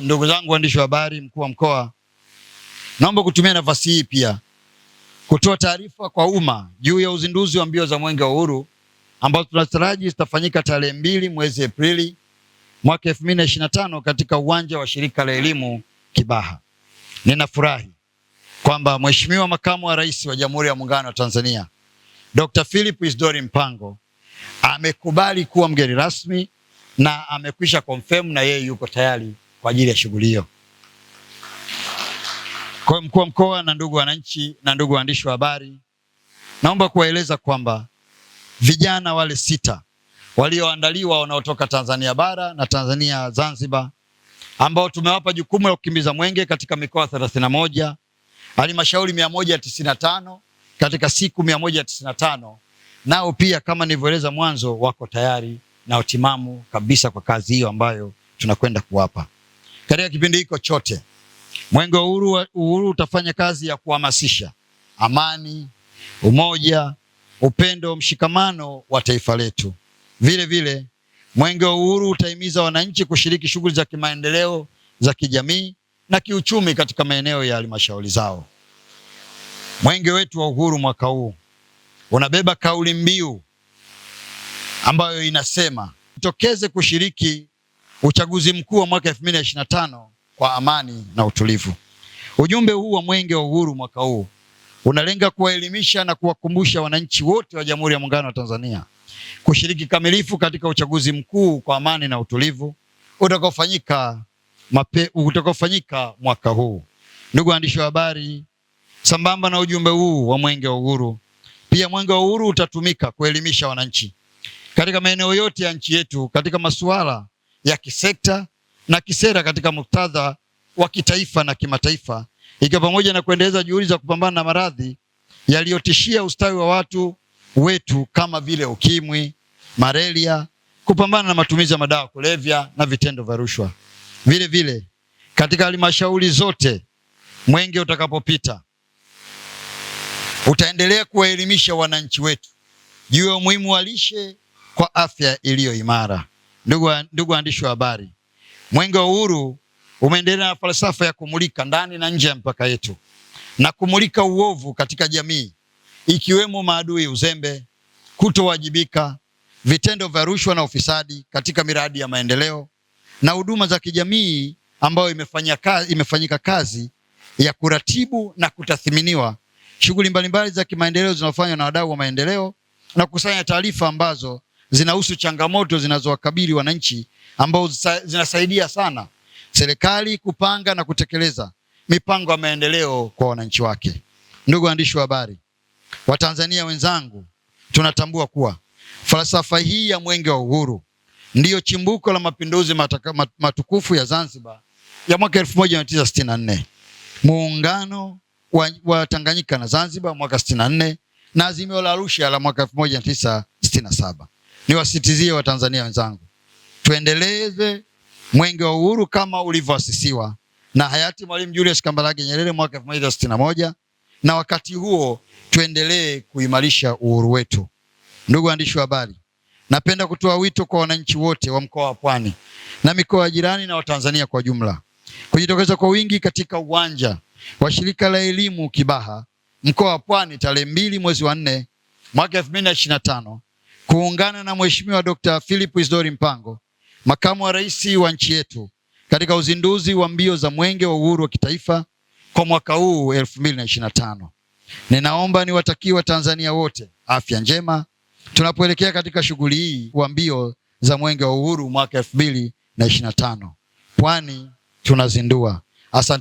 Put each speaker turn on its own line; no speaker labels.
Ndugu zangu waandishi wa habari, mkuu wa mkoa, naomba kutumia nafasi hii pia kutoa taarifa kwa umma juu ya uzinduzi wa mbio za Mwenge wa Uhuru ambazo tunataraji zitafanyika tarehe mbili mwezi Aprili mwaka 2025 katika uwanja wa shirika la elimu Kibaha. Ninafurahi kwamba Mheshimiwa Makamu wa Rais wa Jamhuri ya Muungano wa Tanzania Dr. Philip Isidori Mpango amekubali kuwa mgeni rasmi na amekwisha confirm na yeye yuko tayari kwa ajili ya shughuli hiyo. Kwa mkuu wa mkoa na ndugu wananchi na ndugu waandishi wa habari, naomba kuwaeleza kwamba vijana wale sita walioandaliwa wanaotoka Tanzania bara na Tanzania Zanzibar, ambao tumewapa jukumu la kukimbiza mwenge katika mikoa 31 halmashauri 195 katika siku 195, nao pia kama nilivyoeleza mwanzo, wako tayari na utimamu kabisa kwa kazi hiyo ambayo tunakwenda kuwapa katika kipindi hiko chote. Mwenge wa uhuru, uhuru utafanya kazi ya kuhamasisha amani, umoja, upendo, mshikamano wa taifa letu. Vile vile mwenge wa uhuru utahimiza wananchi kushiriki shughuli za kimaendeleo za kijamii na kiuchumi katika maeneo ya halmashauri zao. Mwenge wetu wa uhuru mwaka huu unabeba kauli mbiu ambayo inasema jitokeze kushiriki uchaguzi mkuu wa mwaka 2025 kwa amani na utulivu. Ujumbe huu wa Mwenge wa Uhuru mwaka huu unalenga kuwaelimisha na kuwakumbusha wananchi wote wa Jamhuri ya Muungano wa Tanzania kushiriki kamilifu katika uchaguzi mkuu kwa amani na utulivu utakaofanyika mape, utakaofanyika mwaka huu. Ndugu waandishi wa habari, sambamba na ujumbe huu wa Mwenge wa Uhuru, pia Mwenge wa Uhuru utatumika kuelimisha wananchi katika maeneo yote ya nchi yetu katika masuala ya kisekta na kisera katika muktadha wa kitaifa na kimataifa, ikiwa pamoja na kuendeleza juhudi za kupambana na maradhi yaliyotishia ustawi wa watu wetu kama vile ukimwi, malaria, kupambana na matumizi ya madawa kulevya na vitendo vya rushwa. Vile vile katika halmashauri zote, mwenge utakapopita utaendelea kuwaelimisha wananchi wetu juu ya umuhimu wa lishe kwa afya iliyo imara. Ndugu, ndugu waandishi wa habari, Mwenge wa Uhuru umeendelea na falsafa ya kumulika ndani na nje ya mpaka yetu na kumulika uovu katika jamii, ikiwemo maadui, uzembe, kutowajibika, vitendo vya rushwa na ufisadi katika miradi ya maendeleo na huduma za kijamii ambayo imefanya kazi, imefanyika kazi ya kuratibu na kutathiminiwa shughuli mbalimbali za kimaendeleo zinazofanywa na wadau wa maendeleo na kukusanya taarifa ambazo zinahusu changamoto zinazowakabili wananchi ambao zinasaidia sana serikali kupanga na kutekeleza mipango ya maendeleo kwa wananchi wake. Ndugu waandishi wa habari, Watanzania wenzangu, tunatambua kuwa falsafa hii ya mwenge wa uhuru ndiyo chimbuko la mapinduzi matukufu ya Zanzibar ya mwaka 1964, muungano wa, wa Tanganyika na Zanzibar mwaka 64 na azimio la Arusha la mwaka 1967 niwasitizie Watanzania wenzangu, tuendeleze mwenge wa uhuru kama ulivyoasisiwa na hayati Mwalimu Julius Kambarage Nyerere mwaka 1961 na wakati huo tuendelee kuimarisha uhuru wetu. Ndugu waandishi wa habari, napenda kutoa wito kwa wananchi wote wa mkoa wa Pwani na mikoa ya jirani na Watanzania kwa jumla kujitokeza kwa wingi katika uwanja wa shirika la elimu Kibaha mkoa wa Pwani tarehe mbili mwezi wa nne mwaka 2025 kuungana na Mheshimiwa Dr. Philip Isdori Mpango, makamu wa rais wa nchi yetu katika uzinduzi wa mbio za Mwenge wa Uhuru wa Kitaifa kwa mwaka huu 2025. Ninaomba niwatakie Watanzania wote afya njema tunapoelekea katika shughuli hii wa mbio za Mwenge wa Uhuru mwaka 2025. Pwani tunazindua. Asante.